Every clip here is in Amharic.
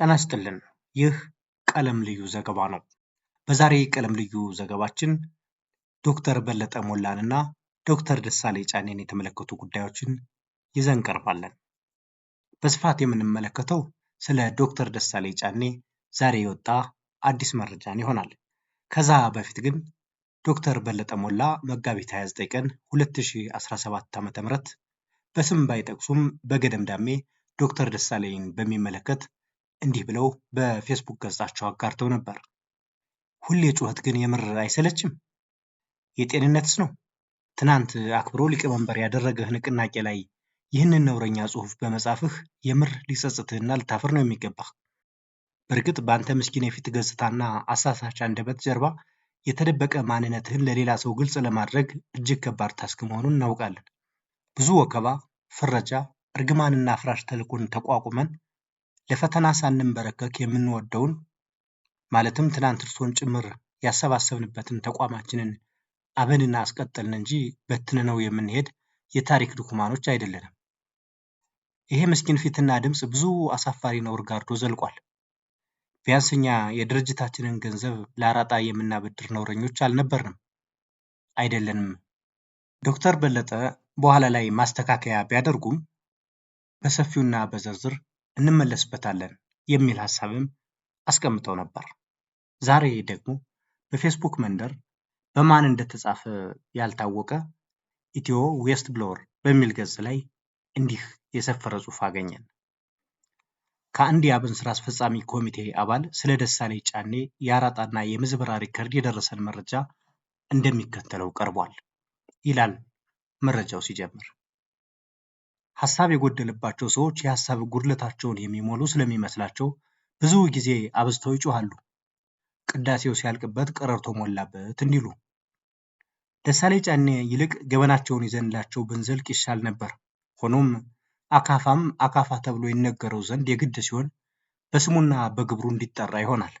ጤና ይስጥልን ይህ ቀለም ልዩ ዘገባ ነው። በዛሬ ቀለም ልዩ ዘገባችን ዶክተር በለጠ ሞላን እና ዶክተር ደሳሌ ጫኔን የተመለከቱ ጉዳዮችን ይዘን ቀርባለን። በስፋት የምንመለከተው ስለ ዶክተር ደሳሌ ጫኔ ዛሬ የወጣ አዲስ መረጃን ይሆናል። ከዛ በፊት ግን ዶክተር በለጠ ሞላ መጋቢት 29 ቀን 2017 ዓ.ም በስም ባይጠቅሱም በገደምዳሜ ዶክተር ደሳለኝን በሚመለከት እንዲህ ብለው በፌስቡክ ገጻቸው አጋርተው ነበር። ሁሌ ጩኸት ግን የምር አይሰለችም? የጤንነትስ ነው? ትናንት አክብሮ ሊቀመንበር ያደረገህ ንቅናቄ ላይ ይህንን ነውረኛ ጽሑፍ በመጻፍህ የምር ሊጸጽትህና ልታፍር ነው የሚገባህ። በእርግጥ በአንተ ምስኪን የፊት ገጽታና አሳሳች አንደበት ጀርባ የተደበቀ ማንነትህን ለሌላ ሰው ግልጽ ለማድረግ እጅግ ከባድ ታስክ መሆኑን እናውቃለን። ብዙ ወከባ፣ ፍረጃ፣ እርግማንና ፍራሽ ተልእኮን ተቋቁመን ለፈተና ሳንንበረከክ የምንወደውን ማለትም ትናንት እርሶን ጭምር ያሰባሰብንበትን ተቋማችንን አበንና አስቀጠልን እንጂ በትንነው የምንሄድ የታሪክ ድኩማኖች አይደለንም። ይሄ ምስኪን ፊትና ድምፅ ብዙ አሳፋሪ ነውር ጋርዶ ዘልቋል። ቢያንስኛ የድርጅታችንን ገንዘብ ለአራጣ የምናበድር ነውረኞች አልነበርንም፣ አይደለንም። ዶክተር በለጠ በኋላ ላይ ማስተካከያ ቢያደርጉም በሰፊውና በዝርዝር እንመለስበታለን የሚል ሀሳብም አስቀምጠው ነበር። ዛሬ ደግሞ በፌስቡክ መንደር በማን እንደተጻፈ ያልታወቀ ኢትዮ ዌስት ብሎወር በሚል ገጽ ላይ እንዲህ የሰፈረ ጽሑፍ አገኘን። ከአንድ የአብን ስራ አስፈጻሚ ኮሚቴ አባል ስለ ደሳለኝ ጫኔ የአራጣና የምዝበራ ሪከርድ የደረሰን መረጃ እንደሚከተለው ቀርቧል ይላል መረጃው ሲጀምር። ሀሳብ የጎደለባቸው ሰዎች የሀሳብ ጉድለታቸውን የሚሞሉ ስለሚመስላቸው ብዙ ጊዜ አብዝተው ይጮሃሉ። ቅዳሴው ሲያልቅበት ቀረርቶ ሞላበት እንዲሉ። ደሳሌ ጫኔ ይልቅ ገበናቸውን ይዘንላቸው ብንዘልቅ ይሻል ነበር። ሆኖም አካፋም አካፋ ተብሎ ይነገረው ዘንድ የግድ ሲሆን በስሙና በግብሩ እንዲጠራ ይሆናል።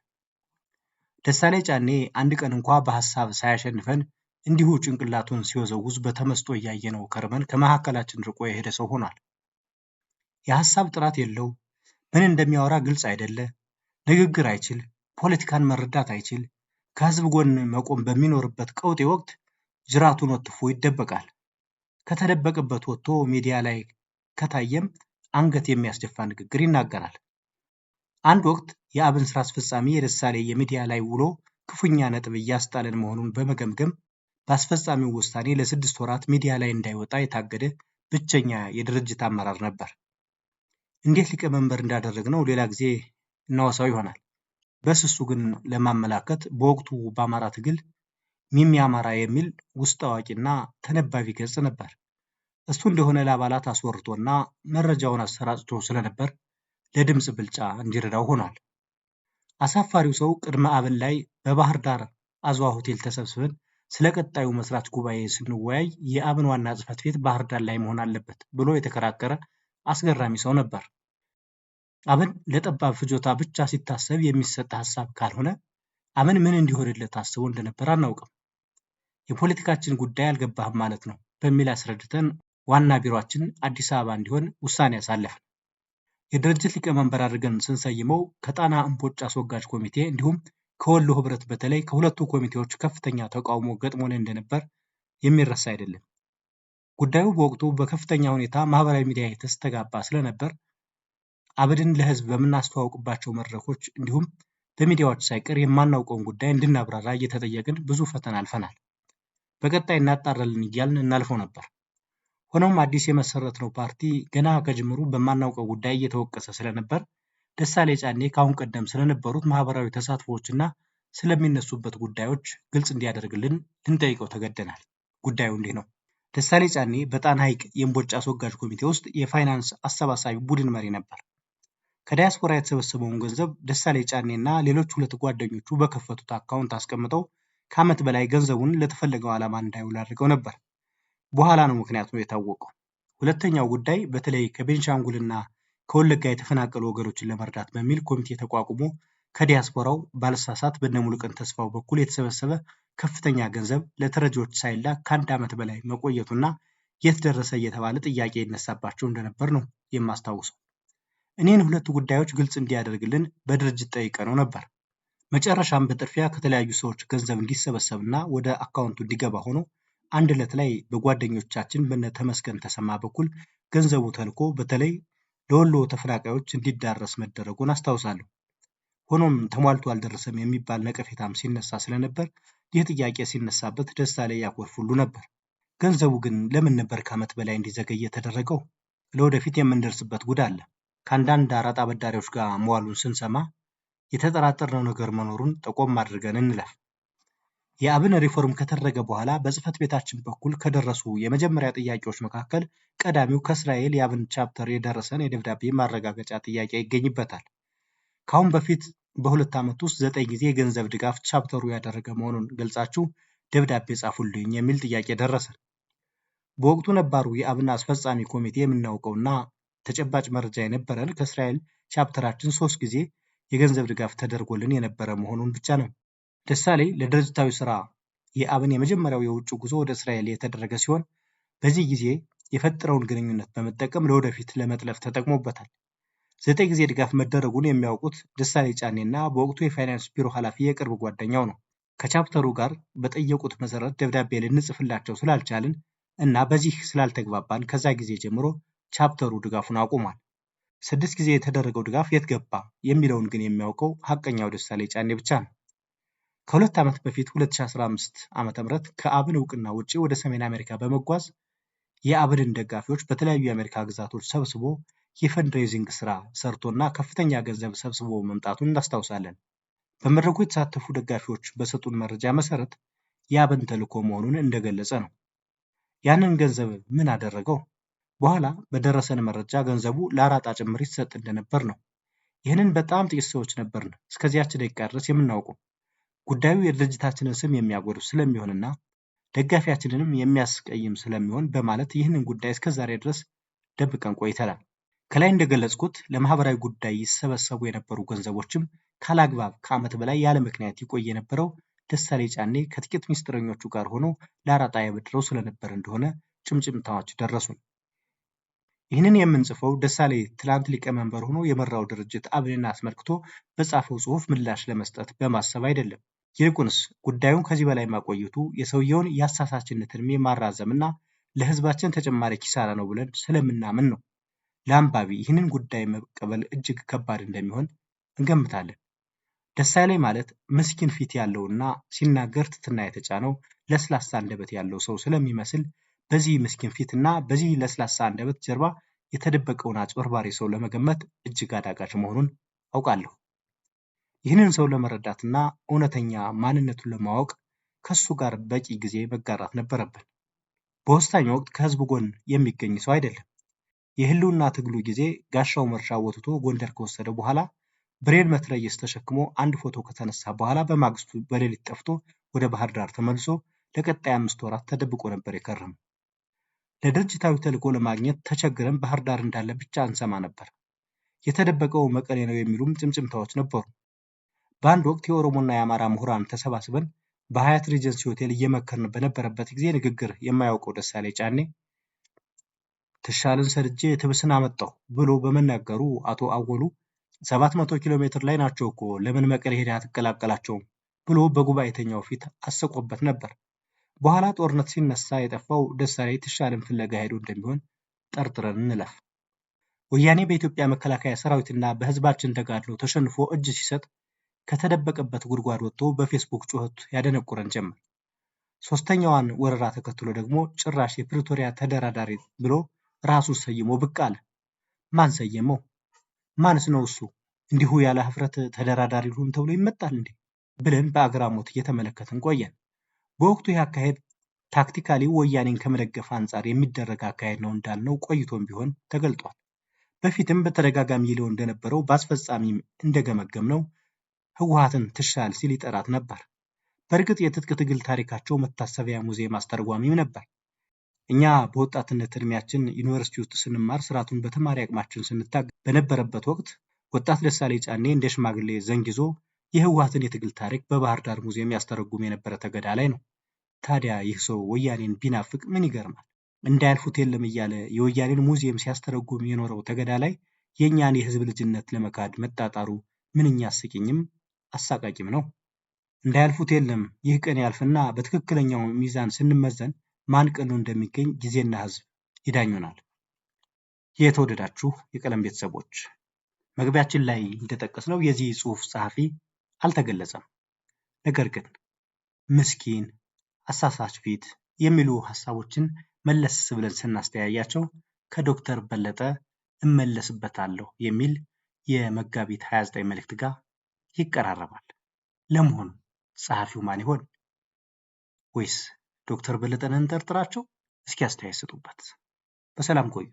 ደሳሌ ጫኔ አንድ ቀን እንኳ በሀሳብ ሳያሸንፈን እንዲሁ ጭንቅላቱን ሲወዘውዝ በተመስጦ እያየነው ከርመን ከመካከላችን ርቆ የሄደ ሰው ሆኗል። የሐሳብ ጥራት የለው፣ ምን እንደሚያወራ ግልጽ አይደለ፣ ንግግር አይችል፣ ፖለቲካን መረዳት አይችል፣ ከህዝብ ጎን መቆም በሚኖርበት ቀውጤ ወቅት ጅራቱን ወትፎ ይደበቃል። ከተደበቀበት ወጥቶ ሚዲያ ላይ ከታየም አንገት የሚያስደፋ ንግግር ይናገራል። አንድ ወቅት የአብን ስራ አስፈጻሚ የደሳሌ የሚዲያ ላይ ውሎ ክፉኛ ነጥብ እያስጣለን መሆኑን በመገምገም በአስፈጻሚው ውሳኔ ለስድስት ወራት ሚዲያ ላይ እንዳይወጣ የታገደ ብቸኛ የድርጅት አመራር ነበር። እንዴት ሊቀመንበር እንዳደረግነው ሌላ ጊዜ እናወሳው ይሆናል። በስሱ ግን ለማመላከት በወቅቱ በአማራ ትግል ሚሚ አማራ የሚል ውስጥ አዋቂና ተነባቢ ገጽ ነበር። እሱ እንደሆነ ለአባላት አስወርቶና መረጃውን አሰራጭቶ ስለነበር ለድምፅ ብልጫ እንዲረዳው ሆኗል። አሳፋሪው ሰው ቅድመ አብን ላይ በባህር ዳር አዝዋ ሆቴል ተሰብስበን ስለ ቀጣዩ መስራች ጉባኤ ስንወያይ የአብን ዋና ጽህፈት ቤት ባህር ዳር ላይ መሆን አለበት ብሎ የተከራከረ አስገራሚ ሰው ነበር። አብን ለጠባብ ፍጆታ ብቻ ሲታሰብ የሚሰጥ ሀሳብ ካልሆነ አብን ምን እንዲሆንለት አስቦ እንደነበር አናውቅም። የፖለቲካችን ጉዳይ አልገባህም ማለት ነው በሚል አስረድተን ዋና ቢሮችን አዲስ አበባ እንዲሆን ውሳኔ ያሳለፍን። የድርጅት ሊቀመንበር አድርገን ስንሰይመው ከጣና እምቦጭ አስወጋጅ ኮሚቴ እንዲሁም ከወሎ ህብረት በተለይ ከሁለቱ ኮሚቴዎች ከፍተኛ ተቃውሞ ገጥሞን እንደነበር የሚረሳ አይደለም። ጉዳዩ በወቅቱ በከፍተኛ ሁኔታ ማህበራዊ ሚዲያ የተስተጋባ ስለነበር አብድን ለህዝብ በምናስተዋውቅባቸው መድረኮች እንዲሁም በሚዲያዎች ሳይቀር የማናውቀውን ጉዳይ እንድናብራራ እየተጠየቅን ብዙ ፈተና አልፈናል። በቀጣይ እናጣራለን እያልን እናልፈው ነበር። ሆኖም አዲስ የመሰረትነው ፓርቲ ገና ከጅምሩ በማናውቀው ጉዳይ እየተወቀሰ ስለነበር ደሳሌ ጫኔ ከአሁን ቀደም ስለነበሩት ማህበራዊ ተሳትፎዎችና ስለሚነሱበት ጉዳዮች ግልጽ እንዲያደርግልን ልንጠይቀው ተገደናል። ጉዳዩ እንዲህ ነው። ደሳሌ ጫኔ በጣና ሐይቅ የእምቦጭ አስወጋጅ ኮሚቴ ውስጥ የፋይናንስ አሰባሳቢ ቡድን መሪ ነበር። ከዳያስፖራ የተሰበሰበውን ገንዘብ ደሳሌ ጫኔና ሌሎች ሁለት ጓደኞቹ በከፈቱት አካውንት አስቀምጠው ከዓመት በላይ ገንዘቡን ለተፈለገው ዓላማ እንዳይውል አድርገው ነበር። በኋላ ነው ምክንያቱ የታወቀው። ሁለተኛው ጉዳይ በተለይ ከቤንሻንጉልና ከወለጋ የተፈናቀሉ ወገኖችን ለመርዳት በሚል ኮሚቴ ተቋቁሞ ከዲያስፖራው ባልሳሳት በነሙሉቀን ተስፋው በኩል የተሰበሰበ ከፍተኛ ገንዘብ ለተረጂዎች ሳይላ ከአንድ ዓመት በላይ መቆየቱና የት ደረሰ እየተባለ ጥያቄ ይነሳባቸው እንደነበር ነው የማስታውሰው። እኔን ሁለቱ ጉዳዮች ግልጽ እንዲያደርግልን በድርጅት ጠይቀነው ነበር። መጨረሻም በጥርፊያ ከተለያዩ ሰዎች ገንዘብ እንዲሰበሰብና ወደ አካውንቱ እንዲገባ ሆኖ አንድ ዕለት ላይ በጓደኞቻችን በነ ተመስገን ተሰማ በኩል ገንዘቡ ተልኮ በተለይ ለወሎ ተፈናቃዮች እንዲዳረስ መደረጉን አስታውሳለሁ። ሆኖም ተሟልቶ አልደረሰም የሚባል ነቀፌታም ሲነሳ ስለነበር ይህ ጥያቄ ሲነሳበት ደስታ ላይ ያኮርፍ ሁሉ ነበር። ገንዘቡ ግን ለምን ነበር ከዓመት በላይ እንዲዘገይ የተደረገው? ለወደፊት የምንደርስበት ጉድ አለ። ከአንዳንድ አራጣ አበዳሪዎች ጋር መዋሉን ስንሰማ የተጠራጠርነው ነገር መኖሩን ጠቆም አድርገን እንለፍ። የአብን ሪፎርም ከተደረገ በኋላ በጽህፈት ቤታችን በኩል ከደረሱ የመጀመሪያ ጥያቄዎች መካከል ቀዳሚው ከእስራኤል የአብን ቻፕተር የደረሰን የደብዳቤ ማረጋገጫ ጥያቄ ይገኝበታል። ከአሁን በፊት በሁለት ዓመት ውስጥ ዘጠኝ ጊዜ የገንዘብ ድጋፍ ቻፕተሩ ያደረገ መሆኑን ገልጻችሁ ደብዳቤ ጻፉልኝ የሚል ጥያቄ ደረሰን። በወቅቱ ነባሩ የአብን አስፈጻሚ ኮሚቴ የምናውቀውና ተጨባጭ መረጃ የነበረን ከእስራኤል ቻፕተራችን ሶስት ጊዜ የገንዘብ ድጋፍ ተደርጎልን የነበረ መሆኑን ብቻ ነው። ደሳሌ ለድርጅታዊ ስራ የአብን የመጀመሪያው የውጭ ጉዞ ወደ እስራኤል የተደረገ ሲሆን በዚህ ጊዜ የፈጠረውን ግንኙነት በመጠቀም ለወደፊት ለመጥለፍ ተጠቅሞበታል። ዘጠኝ ጊዜ ድጋፍ መደረጉን የሚያውቁት ደሳሌ ጫኔና በወቅቱ የፋይናንስ ቢሮ ኃላፊ የቅርብ ጓደኛው ነው። ከቻፕተሩ ጋር በጠየቁት መሰረት ደብዳቤ ልንጽፍላቸው ስላልቻልን እና በዚህ ስላልተግባባን ከዛ ጊዜ ጀምሮ ቻፕተሩ ድጋፉን አቁሟል። ስድስት ጊዜ የተደረገው ድጋፍ የት ገባ የሚለውን ግን የሚያውቀው ሀቀኛው ደሳሌ ጫኔ ብቻ ነው። ከሁለት ዓመት በፊት 2015 ዓ.ም ከአብን እውቅና ውጪ ወደ ሰሜን አሜሪካ በመጓዝ የአብንን ደጋፊዎች በተለያዩ የአሜሪካ ግዛቶች ሰብስቦ የፈንድሬዚንግ ስራ ሰርቶና ከፍተኛ ገንዘብ ሰብስቦ መምጣቱን እናስታውሳለን። በመድረኩ የተሳተፉ ደጋፊዎች በሰጡን መረጃ መሰረት የአብን ተልዕኮ መሆኑን እንደገለጸ ነው። ያንን ገንዘብ ምን አደረገው? በኋላ በደረሰን መረጃ ገንዘቡ ለአራጣ ጭምር ይሰጥ እንደነበር ነው። ይህንን በጣም ጥቂት ሰዎች ነበርን እስከዚያች ደቂቃ ድረስ የምናውቀው። ጉዳዩ የድርጅታችንን ስም የሚያጎድፍ ስለሚሆንና ደጋፊያችንንም የሚያስቀይም ስለሚሆን በማለት ይህንን ጉዳይ እስከዛሬ ድረስ ደብቀን ቆይተናል። ከላይ እንደገለጽኩት ለማህበራዊ ጉዳይ ይሰበሰቡ የነበሩ ገንዘቦችም ካላግባብ ከዓመት በላይ ያለ ምክንያት ይቆይ የነበረው ደሳሌ ጫኔ ከጥቂት ሚስጥረኞቹ ጋር ሆኖ ለአራጣ ያበድረው ስለነበር እንደሆነ ጭምጭምታዎች ደረሱን። ይህንን የምንጽፈው ደሳሌ ትላንት ሊቀመንበር ሆኖ የመራው ድርጅት አብንን አስመልክቶ በጻፈው ጽሁፍ ምላሽ ለመስጠት በማሰብ አይደለም። ይልቁንስ ጉዳዩን ከዚህ በላይ ማቆየቱ የሰውየውን የአሳሳችነት ዕድሜ ማራዘምና ለህዝባችን ተጨማሪ ኪሳራ ነው ብለን ስለምናምን ነው። ለአንባቢ ይህንን ጉዳይ መቀበል እጅግ ከባድ እንደሚሆን እንገምታለን። ደሳለኝ ማለት ምስኪን ፊት ያለውና ሲናገር ትትና የተጫነው ለስላሳ አንደበት ያለው ሰው ስለሚመስል በዚህ ምስኪን ፊት በዚህ ለስላሳ አንደበት ጀርባ የተደበቀውን አጭበርባሪ ሰው ለመገመት እጅግ አዳጋች መሆኑን አውቃለሁ። ይህንን ሰው ለመረዳትና እውነተኛ ማንነቱን ለማወቅ ከሱ ጋር በቂ ጊዜ መጋራት ነበረብን። በወሳኝ ወቅት ከህዝቡ ጎን የሚገኝ ሰው አይደለም። የህልውና ትግሉ ጊዜ ጋሻው መርሻ ወትቶ ጎንደር ከወሰደ በኋላ ብሬን መትረየስ ተሸክሞ አንድ ፎቶ ከተነሳ በኋላ በማግስቱ በሌሊት ጠፍቶ ወደ ባህር ዳር ተመልሶ ለቀጣይ አምስት ወራት ተደብቆ ነበር የከረመው። ለድርጅታዊ ተልዕኮ ለማግኘት ተቸግረን ባህር ዳር እንዳለ ብቻ እንሰማ ነበር። የተደበቀው መቀሌ ነው የሚሉም ጭምጭምታዎች ነበሩ። በአንድ ወቅት የኦሮሞና የአማራ ምሁራን ተሰባስበን በሀያት ሬጀንሲ ሆቴል እየመከርን በነበረበት ጊዜ ንግግር የማያውቀው ደሳሌ ጫኔ ትሻልን ሰርጄ ትብስን አመጣሁ ብሎ በመናገሩ አቶ አወሉ 700 ኪሎ ሜትር ላይ ናቸው እኮ ለምን መቀሌ ሄደህ አትቀላቀላቸውም ብሎ በጉባኤተኛው ፊት አስቆበት ነበር። በኋላ ጦርነት ሲነሳ የጠፋው ደሳሌ ትሻልን ፍለጋ ሄዶ እንደሚሆን ጠርጥረን እንለፍ። ወያኔ በኢትዮጵያ መከላከያ ሰራዊትና በህዝባችን ተጋድሎ ተሸንፎ እጅ ሲሰጥ ከተደበቀበት ጉድጓድ ወጥቶ በፌስቡክ ጩኸት ያደነቁረን ጀመር። ሦስተኛዋን ወረራ ተከትሎ ደግሞ ጭራሽ የፕሪቶሪያ ተደራዳሪ ብሎ ራሱ ሰይሞ ብቅ አለ። ማን ሰየመው? ማንስ ነው እሱ? እንዲሁ ያለ ህፍረት ተደራዳሪ ልሁን ተብሎ ይመጣል እንዴ? ብለን በአግራሞት እየተመለከትን ቆየን። በወቅቱ ይህ አካሄድ ታክቲካሊ ወያኔን ከመደገፍ አንጻር የሚደረግ አካሄድ ነው እንዳልነው ቆይቶም ቢሆን ተገልጧል። በፊትም በተደጋጋሚ ይለው እንደነበረው በአስፈጻሚም እንደገመገም ነው ህወሓትን ትሻል ሲል ይጠራት ነበር። በእርግጥ የትጥቅ ትግል ታሪካቸው መታሰቢያ ሙዚየም አስተርጓሚም ነበር። እኛ በወጣትነት እድሜያችን ዩኒቨርሲቲ ውስጥ ስንማር ስርዓቱን በተማሪ አቅማችን ስንታገ በነበረበት ወቅት ወጣት ደሳሌ ጫኔ እንደ ሽማግሌ ዘንግ ይዞ የህወሓትን የትግል ታሪክ በባህር ዳር ሙዚየም ያስተረጉም የነበረ ተገዳላይ ነው። ታዲያ ይህ ሰው ወያኔን ቢናፍቅ ምን ይገርማል? እንዳያልፉት የለም እያለ የወያኔን ሙዚየም ሲያስተረጉም የኖረው ተገዳላይ የእኛን የህዝብ ልጅነት ለመካድ መጣጣሩ ምንኛ አስቂኝም አሳቃቂም ነው። እንዳያልፉት የለም ይህ ቀን ያልፍና በትክክለኛው ሚዛን ስንመዘን ማን ቀኑ እንደሚገኝ ጊዜና ህዝብ ይዳኙናል። የተወደዳችሁ የቀለም ቤተሰቦች መግቢያችን ላይ እንደጠቀስነው የዚህ ጽሑፍ ጸሐፊ አልተገለጸም። ነገር ግን ምስኪን፣ አሳሳች ፊት የሚሉ ሀሳቦችን መለስ ብለን ስናስተያያቸው ከዶክተር በለጠ እመለስበታለሁ የሚል የመጋቢት 29 መልእክት ጋር ይቀራረባል። ለመሆኑ ጸሐፊው ማን ይሆን? ወይስ ዶክተር በለጠን እንጠርጥራቸው? እስኪ አስተያየት ስጡበት። በሰላም ቆዩ።